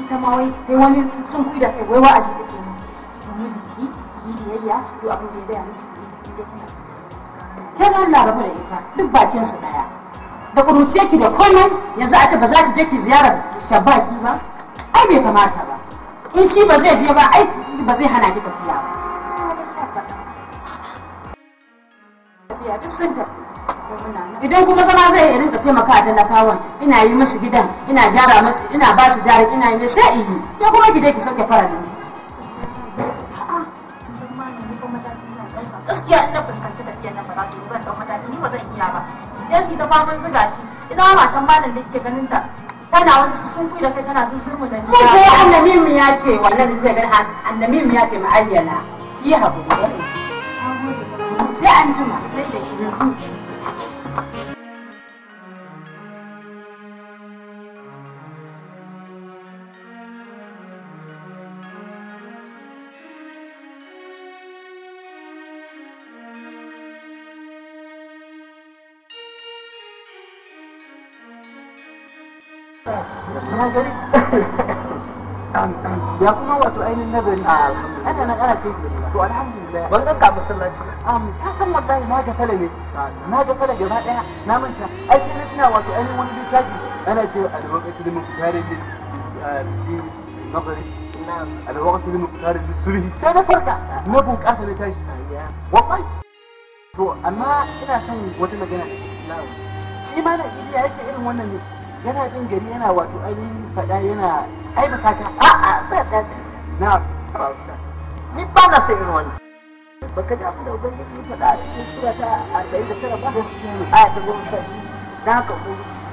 ita ma wai sai wani su cin kuɗi da kai wai wa'azi take yi ki yi jiki ki yi biyayya to abin da ya gaya miki ke yi ta nan larabu da ita duk bakin su daya da kuruciya ki da komai yanzu a ce ba za ki je ki ziyarar shabaki ba ai bai kamata ba in shi ba zai je ba ai ba zai hana ki tafiya ba tafiya duk sun tafi idan kuma zama zai yi rinka taimaka a talakawan ina yi masu gidan ina gyara masu ina ba su jari ina yi mai sai iyi ya kuma ki dai ki sauke fara ne gaskiya ina fuskanci gaskiya na fara to ban dan mata ni ba zan iya ba idan ki ta faman zuga shi ina matan malam da kike ganin ta tana wani sun kuyi da kai tana sun zurmu da ni ko sai annabi mu ya ce wannan zai ga annabi mu ya ce mu ayyana yi hakuri sai an jima sai da shi يا قنوات أين النبي أنا أنا أنا سؤال عن الله ولا نقع بصلاتك أم لا صلى الله ما قتلني ما قتلني ما إيه ما منك أسئلتنا وتؤين من اللي تجي أنا شيء الوقت اللي مختار اللي نظري نعم الوقت اللي مختار اللي سوري أنا فرقة نبوك أسئلة تجي وقاي تو أما أنا سن وتم جنا نعم شيء ما أنا إلي عايز إيه وانا جنا تنجري أنا وتؤين فدا ينا ai ba sata a'a ba sata na ba ni ba na san irin wannan baka ji abin da ubangiji ya faɗa a cikin surata ta arba'in da tara ba a ta gobe sha biyu da haka ubangiji ya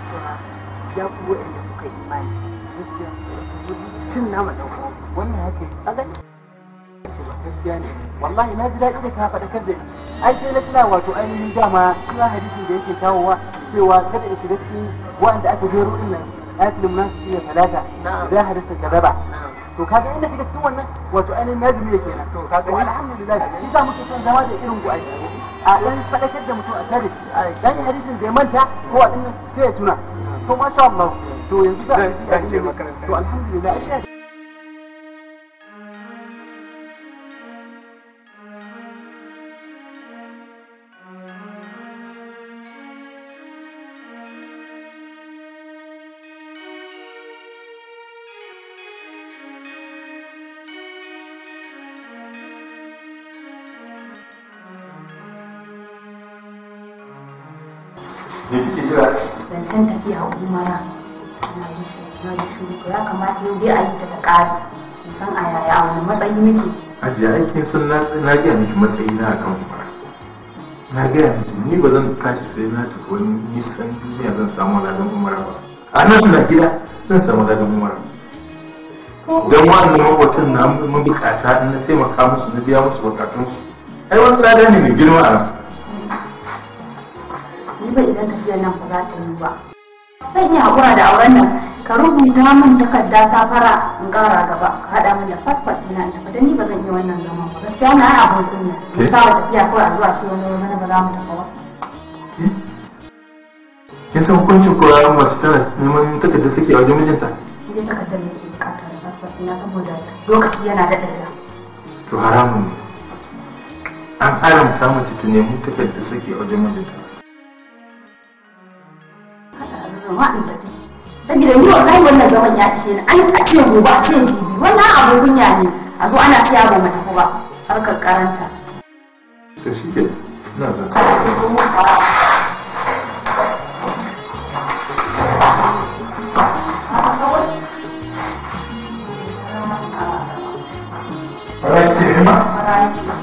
ce ya ku da kuka imani cin nama da uwa wannan hake a gani gaskiya ne wallahi na ji daɗi da ka faɗakar da ni ai sai na tuna wato ainihin dama suna hadisin da yake kawowa cewa kada ya shiga cikin wa'anda aka jero ɗin nan قتل منسي ثلاثة زاهد نعم. التبابع نعم. وكذا إلا شكت كون ما وتؤن النجم يكينا والحمد لله إذا متسان زواج إلهم قوي أعلن آه، فلا كده متأثرش لأن حديث زي ما أنت هو إن سيتنا فما شاء الله تو ينزل تو الحمد لله a san a yaya a wani matsayi nake ajiya aikin sun na gaya miki matsayi na akan fara na gaya ni ba zan tashi sai na tafi wani nisan duniya zan samu ladan umara ba a nan na gida zan samu ladan umara don wannan makwatan na mabukata in na taimaka musu na biya musu bukatunsu ai wani lada ne mai girma a nan ni ba idan tafiyar nan ba za ta yi ba zan yi haƙura da auren nan ka rubuta min takarda ta fara in kara gaba ka haɗa min da fasfat ina da tafi ni ba zan yi wannan zama ba gaskiya na ana abin kunya mu sa wa tafiya ko a zuwa ce wani mana ba za mu tafi ba kin san hukuncin ko yaron mace tana neman takarda suke a wajen mijinta ne takardar ne ke bukata da fasfat ina saboda lokaci yana daɗa ja to haramun ne an haramta mace ta nemi takarda suke a wajen mijinta gaban ya ce ni ai a ce gobe a ce jibi wannan abu kunya ne a zo ana cewa ba mata ba harkar karanta to shi ina zan Right, Emma. Right.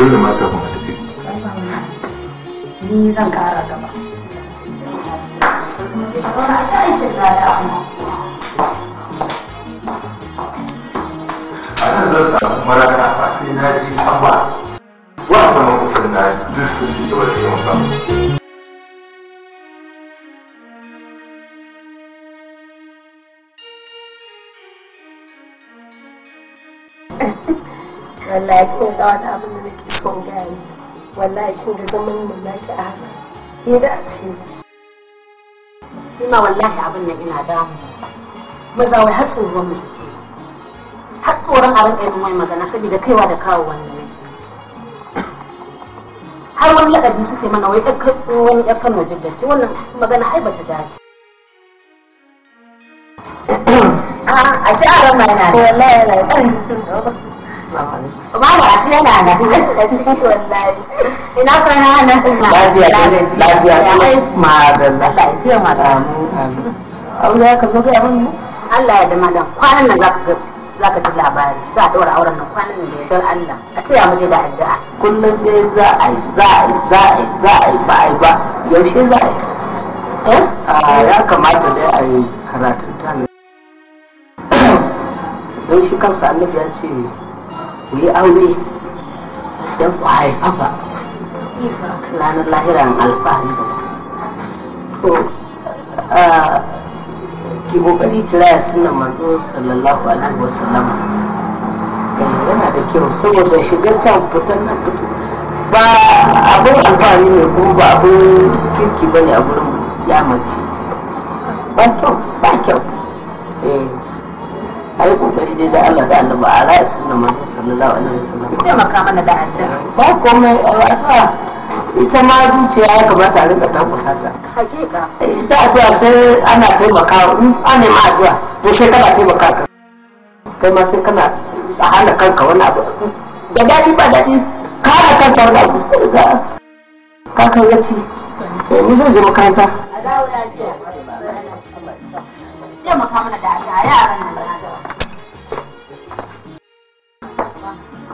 dole ma a ni zan kara a an ba wa na da yawan wallahi kin ga wani son gani wallahi kin ga zaman a haka da a ce ina wallahi abin nan ina damu maza wai har tsoron mu suke har tsoron a rinka yin mai magana saboda kaiwa da kawo wannan har wani lakabi suke mana wai wani ɗan kano jiddace wannan magana ai dace a shi a ran mana wallahi yana yana da ina kwana ana lafiya lafiya lafiya ma da aure ka zo ga abin Allah ya da madan kwanan nan zaka za ji labari za a ɗora auren nan kwanan nan da Allah a ce ya muje da addu'a kullum dai za a yi za a yi za a yi za a yi ba a yi ba yaushe za a yi a ya kamata dai a yi karatun ta don shi kansa annabi ya ce ku yi aure don ku haifafa ranar lahiran alfahari da oh, eh, to ki kokari kiraya sunan manzo sallallahu alaihi wasallam yana da kyau saboda shigar can fitan nan fito ba abin alfahari ne kuma ba abin kirki ba ne a gurin yamaci ba kyau ba kyau eh dai da Allah da Allah ba a ra'ayi sunan manzo sallallahu alaihi wasallam ki taimaka mana da addu'a ba komai addu'a ita ma zuciya ya kamata a rinka tankusa ta hakika ita addu'a sai ana taimaka in ana ma addu'a to sai kana taimaka ka kai ma sai kana a hana kanka wani abu da daɗi ba daɗi ka hana kanka wani abu sai ka ka kai gaci ni zan je makaranta a dawo lafiya ya mana da addu'a yaran nan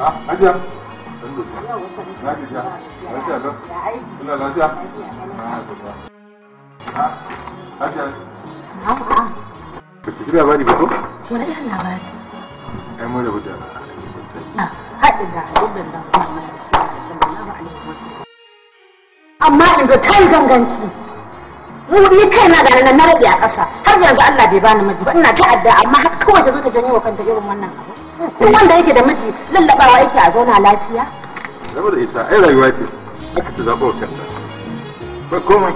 Ah, ajiya. Lafiya. Lafiya lau. Ina lafiya. Ah, ajiya. A'a. Ba ki ji labari ba ko? Wani irin labari? Ai mun rabu da ah, haɗin da haɗin da kuma amma yanzu ta yi ganganci ni kai na gane na rabe a ƙasa har yanzu Allah bai bani miji ba ina ta adda amma har kawai ta zo ta janyo wa kanta irin wannan abu duk wanda yake da miji lallabawa yake a zauna lafiya zama da ita ai rayuwa ce aka ci zaɓa wata ba komai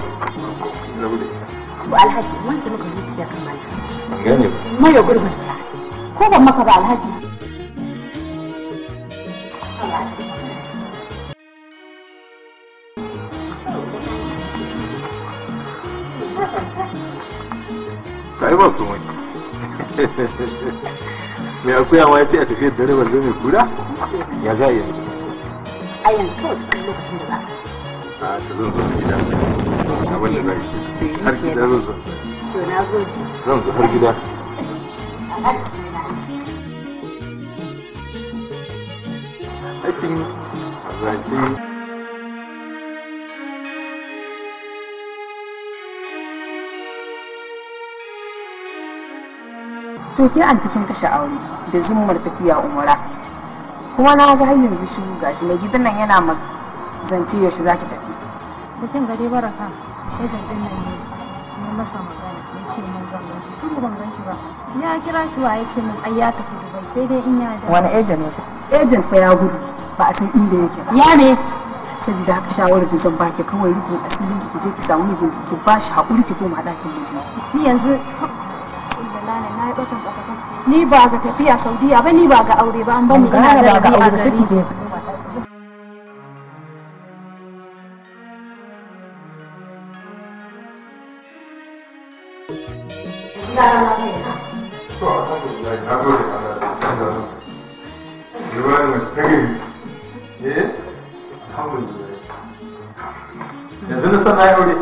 zama da ita to alhaji wanke muka zuciya kan malaka ban gane ba mai gurbin ta ko ban maka ba alhaji Ka yi ba mai akuya ma ya ce a tafiyar dare zai mai kura ya za a yanzu a yanzu kawai gida abin da to ke an cikin kashe aure da zummar tafiya umara kuma na ga hanyar yanzu shi gashi mai gidan nan yana ma zance yaushe za ki tafi mutum gari baraka sai da din nan ne masa magana ya ce mun zan gan shi tun ban gan shi ba ya kira shi wa ya ce mun ai ya tafi dubai sai dai in ya da wani ejen ne ejen fa ya gudu ba a san inda yake ba ya ne saboda haka shawarar da zan baki kawai rufin asirin ki je ki samu mijinki ki ba shi haƙuri ki koma ɗakin mijinki ni yanzu ni ba ga tafiya saudiya ba ni ba ga aure ba an bani ina da ga aure gari yanzu na sana aure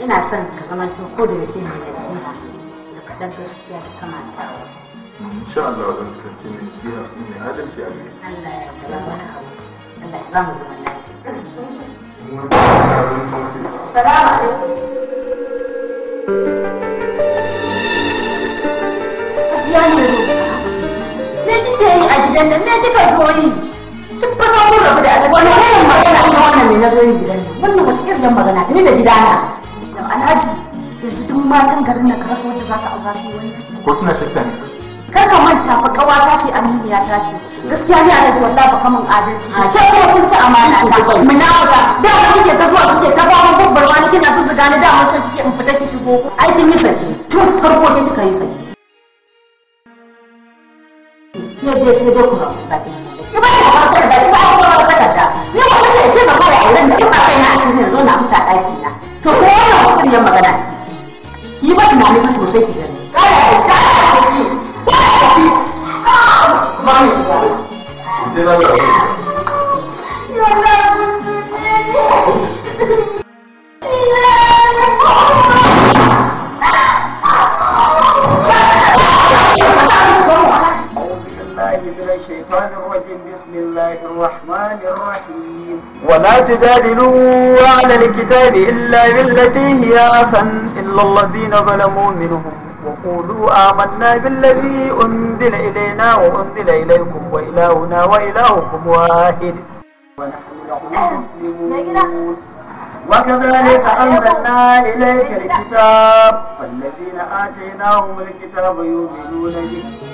ina son ka zama ko da yaushe ne da shi تدرس فيها كمان ان شاء الله لو تسجلي فيها من هذا الشيء الله الله يرحمه والله السلام عليكم gidan nan kika zo ni duk ba za mun rabu da azab wani irin magana ita wannan ne na zo ni gidan nan wannan wace irin magana ta ne da gidana alhaji yanzu duk matan garin nan ka rasa wanda za ka aura su wani ko kina shakka ne kar ka manta fa kawata ce aminiya ta ce gaskiya ne alhaji wallahi ba kamun adalci a ce kuma kun ci amana ta munafuka da ba kike ta zuwa kike ta ba mu babbar wani kina tuzzuga ni da mun san kike in fita ki shigo aikin yi saki tun farko ne kika yi saki ne zai ce dai kuma ba ki ba ki ba ki ba ki ba ki ba ki ba ni ba ki ce ba fara auren da ba kai na ashirin yanzu na huta daki na to ko wannan wannan magana ce 你把男的不是都带进去了吗？干啥？干啥？干啥？妈的！你听到没有？又他来不尊敬你，来。الشيطان الرجيم بسم الله الرحمن الرحيم ولا تجادلوا على الكتاب إلا بالتي هي أحسن إلا الذين ظلموا منهم وقولوا آمنا بالذي أنزل إلينا وأنزل إليكم وإلهنا وإلهكم واحد ونحن مسلمون وكذلك أنزلنا إليك الكتاب فالذين آتيناهم الكتاب يؤمنون به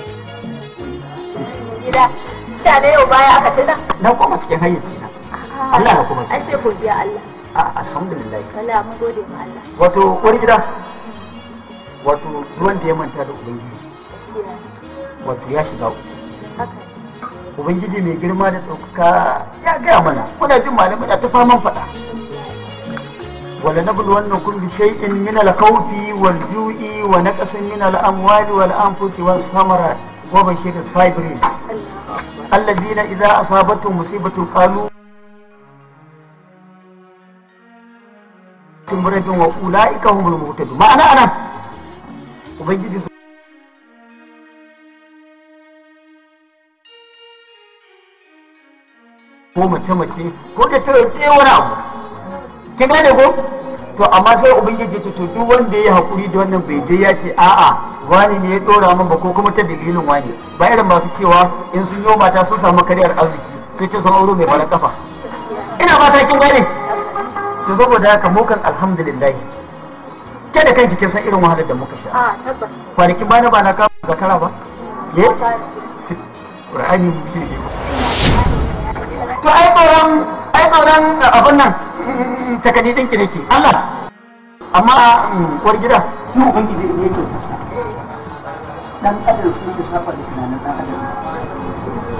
gida ta ne yau baya koma cikin na Allah na ai alhamdulillah ma wato wani gida wato da ya manta da ubangiji wato ya shiga ubangiji mai girma da ɗaukaka ya gaya mana kuna jin malamai da ta faman faɗa ولنبل ونكن بشيء من الخوف والجوع ونقص من الأموال والأنفس والثمرات وبشر الصابرين الذين إذا أصابتهم مصيبة قالوا tumburin wa ula'ika humul muhtadu ma'ana ana ubangiji ko mace mace ko da ta rike wani abu ki gane ko to amma sai ubangiji ce to duk wanda ya hakuri da wannan bai je ya ce a'a wani ne ya dora min ba ko kuma ta dalilin wani ba irin masu cewa in sun yi mata sun samu kariyar arziki sai ce sun auro mai bara kafa ina fata kin gane to saboda haka mu kan alhamdulillah ke da kanki kin san irin wahalar da muka sha a tabbas kwanaki ba na ba na kawo zakara ba ye eh? Qur'ani mu ke to ai tsoron ai tsoron eh, abin nan takadi din ki nake Allah amma mm, uwar gida shi ubangiji ne yake tasa dan adam su ke safa da kana tunanin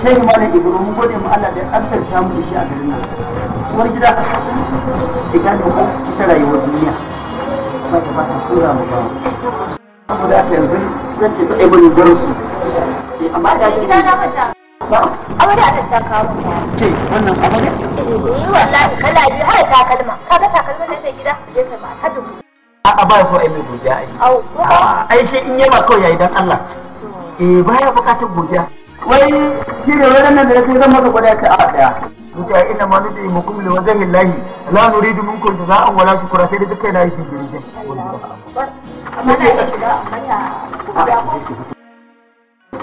dan adam ne ibro ibrahim gode mu Allah da an tarta mu shi a garin nan uwar gida ki gane ko ki ta rayuwar duniya ba ta fata ta tsura mu ba ko da haka yanzu zan ce ta ibn su amma da shi gida na fata amarya a ta kawo mu ke wannan amarya eh wallahi kala biyu har takalma kaga takalma, da ke gida ya kai ba hajji a ba so ai mai godiya ai ai shi in yaba kawai yayi dan Allah eh baya bukatar godiya wai shi da wannan da yake zan maka gwada ka a daya Mutuwa ina ma nufi mu kuma lewa zahin lahi la nuridu minkum jaza'an wala shukura sai da duka yana yi shi girgin. Allah. Wannan ya shiga amma ya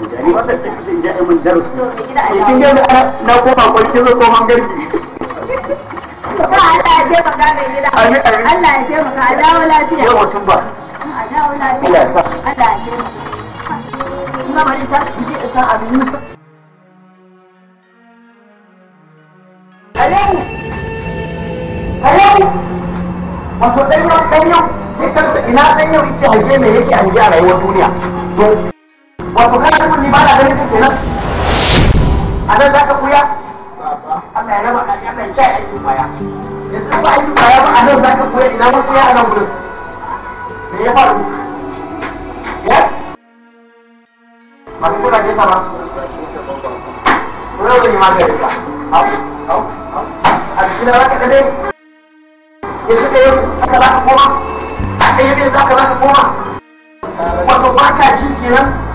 Abuja ni sai kusa in ja mun darasi kin ga na koma ko kin zo koman garki ba Allah ya taimaka mai gida Allah ya taimaka a dawo lafiya yau mutum ba a dawo lafiya Allah ya sa Allah ya taimaka ina bari ta ji Wato ɗanyen ɗanyen sai kansa ina ɗanyen yake haife mai yake hange a rayuwar duniya. wato kana tukun ni ba na ganin kuke nan a nan za ka kuya Allah ya raba a Allah ya kai aikin baya yanzu ba aikin baya ba a nan za ka kuya ina ma kuya a nan gurin me ya faru ya ba kuna je sama kuna wani magani ka a cikin da ka dade ya da yau aka za ka koma a ɗaya ne za ka za ka koma wato ba ka ci kenan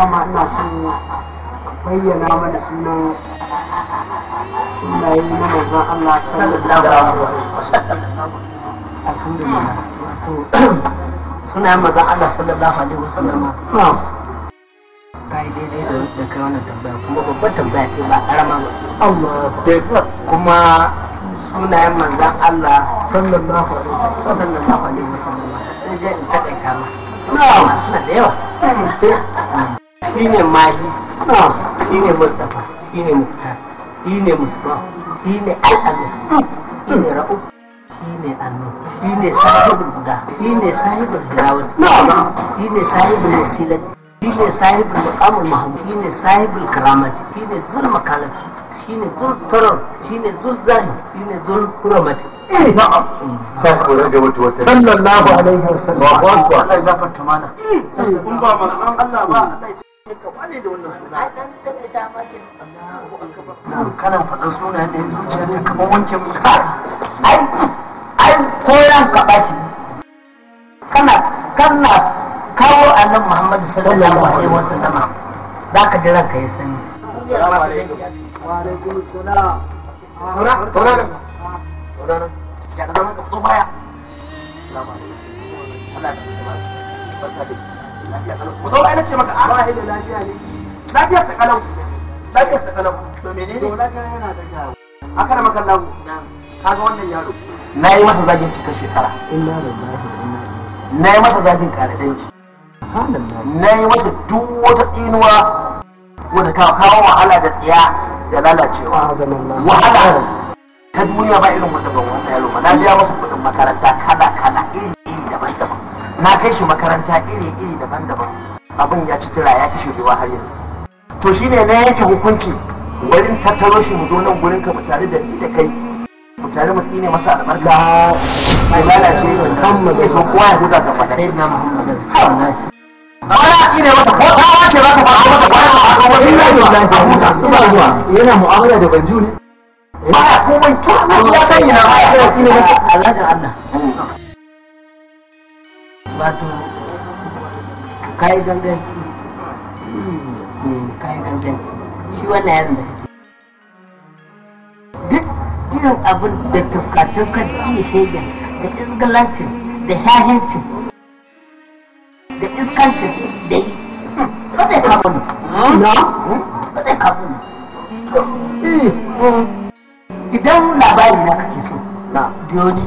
kama ina sun bayyana mana sunan sunaye na mazan Allah sallallahu alaihi wasallam Allah sallallahu alaihi wasallam da kai kuma sunayen Allah sallallahu alaihi wasallam sai suna da yawa shi ne mahi shi ne mustapha shi ne muktar shi ne musba shi ne al'amin shi ne ra'u shi ne annu shi ne sahibul guda shi ne sahibul hirawat shi ne sahibul wasilat shi ne sahibul maqamul mahmud shi ne sahibul karamat shi ne zul makalat shi ne zul tarar shi ne zul zahi shi ne zul kuramat sallallahu alaihi wasallam wa akbar Allah ya gafarta mana kun ba manzon Allah ba ne suna kana suna da zuciya ta kamar wanke mu ai ai koyan ka baki kana kana kawo annabi Muhammad sallallahu alaihi wasallam zaka ji ranka ya sani wa alaikum salam tora tora tora ya da ka baya Allah ya mu zo ai nace maka a ba da lafiya ne lafiya ta kalau lafiya ta kalau to menene to lafiya yana da jawo haka da maka Ka ga wannan yaro na yi masa zagin cika shekara na yi masa zagin kare dangi na yi masa duk wata tsinuwa wadda ta kawo wahala da tsiya da lalacewa wahala ta duniya ba irin wanda ban wata yaro ba na biya masa kuɗin makaranta kada kada iri na kai shi makaranta iri-iri daban-daban abin ya ci tira ya kashe ruwa har yanzu to shine na yanke hukunci wurin tattaro shi mu zo nan gurin ka mu tare da ni da kai mu tare mu tsine masa albarka mai lalace muhammad ya so kowa ya huta ga fada sai na muhammad Ana tsine masa ko ta wace za ta fara masa bayan ma a wani rayuwa a huta ina zuwa yana mu'amala da banju ne ba komai to ya san na. ba ya tsine masa Allah da Allah hmm. wato kayi ganganci hmm, kayi ganganci shi wannan yaron da kake duk irin abin da tafka-tafka da iya shegen da isgalancin da shahincin da iskancin da yi ba zai kama ni na hmm? ba zai kama eh, hmm. idan labari na kake so na biyoji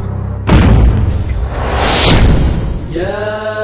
Yeah.